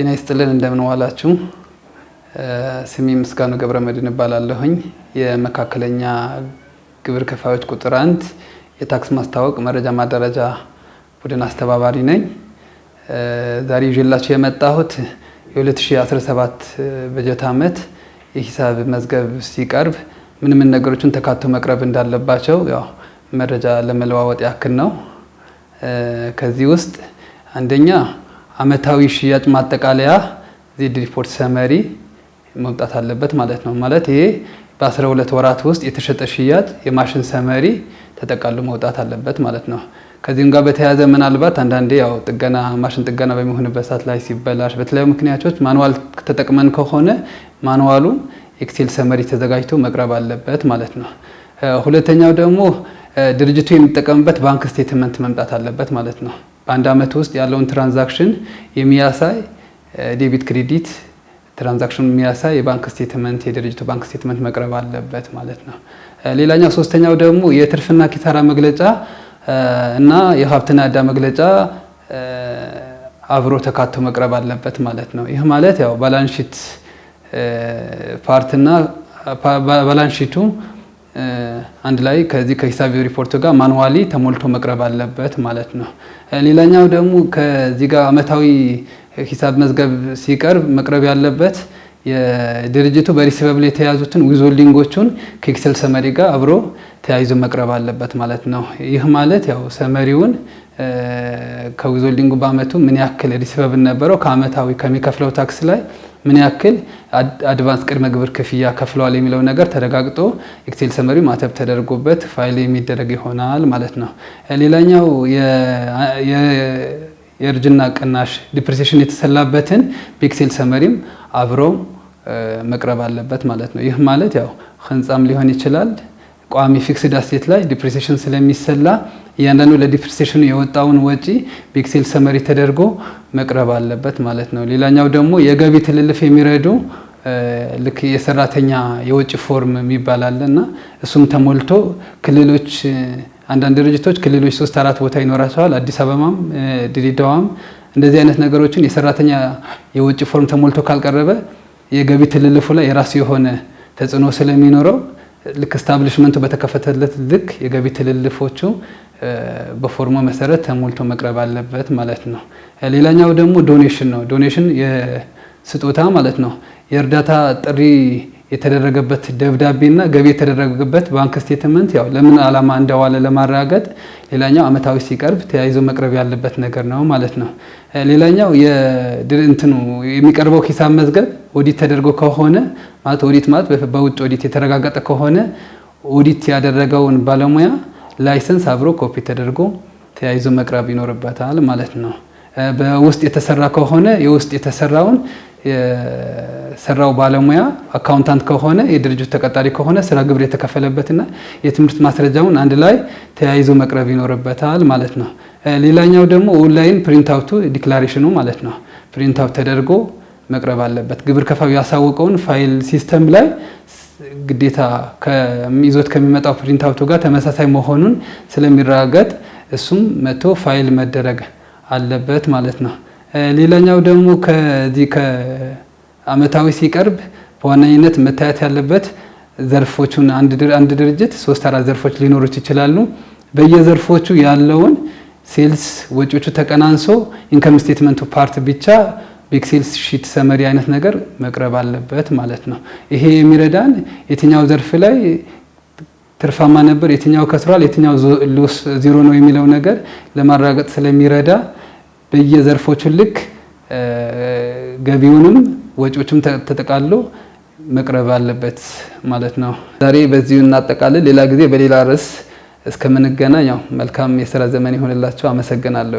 ጤና ይስጥልን እንደምን ዋላችሁ። ስሜ ምስጋኑ ገብረ መድን እባላለሁኝ። የመካከለኛ ግብር ከፋዮች ቁጥር አንድ የታክስ ማስታወቅ መረጃ ማደራጃ ቡድን አስተባባሪ ነኝ። ዛሬ ይዤላችሁ የመጣሁት የ2017 በጀት ዓመት የሂሳብ መዝገብ ሲቀርብ ምን ምን ነገሮችን ተካቶ መቅረብ እንዳለባቸው ያው መረጃ ለመለዋወጥ ያክል ነው። ከዚህ ውስጥ አንደኛ አመታዊ ሽያጭ ማጠቃለያ ዜድ ሪፖርት ሰመሪ መምጣት አለበት ማለት ነው። ማለት ይሄ በ12 ወራት ውስጥ የተሸጠ ሽያጭ የማሽን ሰመሪ ተጠቃሉ መውጣት አለበት ማለት ነው። ከዚህም ጋር በተያያዘ ምናልባት አንዳንዴ ያው ጥገና ማሽን ጥገና በሚሆንበት ሰዓት ላይ ሲበላሽ በተለያዩ ምክንያቶች ማንዋል ተጠቅመን ከሆነ ማንዋሉ ኤክሴል ሰመሪ ተዘጋጅቶ መቅረብ አለበት ማለት ነው። ሁለተኛው ደግሞ ድርጅቱ የሚጠቀምበት ባንክ ስቴትመንት መምጣት አለበት ማለት ነው። በአንድ አመት ውስጥ ያለውን ትራንዛክሽን የሚያሳይ ዴቢት ክሬዲት ትራንዛክሽን የሚያሳይ የባንክ ስቴትመንት የድርጅቱ ባንክ ስቴትመንት መቅረብ አለበት ማለት ነው። ሌላኛው ሶስተኛው ደግሞ የትርፍና ኪሳራ መግለጫ እና የሀብትና ዕዳ መግለጫ አብሮ ተካቶ መቅረብ አለበት ማለት ነው። ይህ ማለት ያው ባላንስ ሺት ፓርትና ባላንስ ሺቱ አንድ ላይ ከዚህ ከሂሳብ ሪፖርት ጋር ማንዋሊ ተሞልቶ መቅረብ አለበት ማለት ነው። ሌላኛው ደግሞ ከዚህ ጋር አመታዊ ሂሳብ መዝገብ ሲቀርብ መቅረብ ያለበት የድርጅቱ በሪሲቨብል የተያዙትን ዊዝሆልዲንጎቹን ከኤክሰል ሰመሪ ጋር አብሮ ተያይዞ መቅረብ አለበት ማለት ነው። ይህ ማለት ያው ሰመሪውን ከዊዝሆልዲንጉ በአመቱ ምን ያክል ሪሲቨብል ነበረው፣ ከአመታዊ ከሚከፍለው ታክስ ላይ ምን ያክል አድቫንስ ቅድመ ግብር ክፍያ ከፍለዋል የሚለው ነገር ተረጋግጦ ኤክሴል ሰመሪ ማተብ ተደርጎበት ፋይል የሚደረግ ይሆናል ማለት ነው። ሌላኛው የእርጅና ቅናሽ ዲፕሬሴሽን የተሰላበትን በኤክሴል ሰመሪም አብሮ መቅረብ አለበት ማለት ነው። ይህ ማለት ያው ህንፃም ሊሆን ይችላል ቋሚ ፊክስድ አሴት ላይ ዲፕሪሲሽን ስለሚሰላ እያንዳንዱ ለዲፕሪሲሽን የወጣውን ወጪ በኤክሴል ሰመሪ ተደርጎ መቅረብ አለበት ማለት ነው። ሌላኛው ደግሞ የገቢ ትልልፍ የሚረዱ ልክ የሰራተኛ የወጪ ፎርም የሚባል አለ እና እሱም ተሞልቶ ክልሎች አንዳንድ ድርጅቶች ክልሎች ሶስት አራት ቦታ ይኖራቸዋል። አዲስ አበባም ድሬዳዋም እንደዚህ አይነት ነገሮችን የሰራተኛ የወጪ ፎርም ተሞልቶ ካልቀረበ የገቢ ትልልፉ ላይ የራሱ የሆነ ተጽዕኖ ስለሚኖረው ልክ ስታብሊሽመንቱ በተከፈተለት ልክ የገቢ ትልልፎቹ በፎርሞ መሰረት ተሞልቶ መቅረብ አለበት ማለት ነው። ሌላኛው ደግሞ ዶኔሽን ነው። ዶኔሽን የስጦታ ማለት ነው። የእርዳታ ጥሪ የተደረገበት ደብዳቤ እና ገቢ የተደረገበት ባንክ ስቴትመንት ያው ለምን ዓላማ እንደዋለ ለማረጋገጥ ሌላኛው ዓመታዊ ሲቀርብ ተያይዞ መቅረብ ያለበት ነገር ነው ማለት ነው። ሌላኛው የድርንትኑ የሚቀርበው ሂሳብ መዝገብ ኦዲት ተደርጎ ከሆነ ማለት ኦዲት ማለት በውጭ ኦዲት የተረጋገጠ ከሆነ ኦዲት ያደረገውን ባለሙያ ላይሰንስ አብሮ ኮፒ ተደርጎ ተያይዞ መቅረብ ይኖርበታል ማለት ነው። በውስጥ የተሰራ ከሆነ የውስጥ የተሰራውን የሰራው ባለሙያ አካውንታንት ከሆነ የድርጅቱ ተቀጣሪ ከሆነ ስራ ግብር የተከፈለበትና የትምህርት ማስረጃውን አንድ ላይ ተያይዞ መቅረብ ይኖርበታል ማለት ነው። ሌላኛው ደግሞ ኦንላይን ፕሪንት አውቱ ዲክላሬሽኑ ማለት ነው። ፕሪንት አውት ተደርጎ መቅረብ አለበት። ግብር ከፋዩ ያሳወቀውን ፋይል ሲስተም ላይ ግዴታ ይዞት ከሚመጣው ፕሪንት አውቶ ጋር ተመሳሳይ መሆኑን ስለሚረጋገጥ እሱም መቶ ፋይል መደረግ አለበት ማለት ነው። ሌላኛው ደግሞ ከዚህ ከአመታዊ ሲቀርብ በዋነኝነት መታየት ያለበት ዘርፎቹን አንድ ድርጅት ሶስት አራት ዘርፎች ሊኖሩት ይችላሉ። በየዘርፎቹ ያለውን ሴልስ ወጪዎቹ ተቀናንሶ ኢንከም ስቴትመንቱ ፓርት ብቻ በኤክሴል ሺት ሰመሪ አይነት ነገር መቅረብ አለበት ማለት ነው። ይሄ የሚረዳን የትኛው ዘርፍ ላይ ትርፋማ ነበር፣ የትኛው ከስሯል፣ የትኛው ዜሮ ነው የሚለው ነገር ለማረጋገጥ ስለሚረዳ በየዘርፎቹ ልክ ገቢውንም ወጪዎችም ተጠቃሎ መቅረብ አለበት ማለት ነው። ዛሬ በዚሁ እናጠቃልል። ሌላ ጊዜ በሌላ ርዕስ እስከምንገናኝ ያው መልካም የስራ ዘመን ይሆንላቸው። አመሰግናለሁ።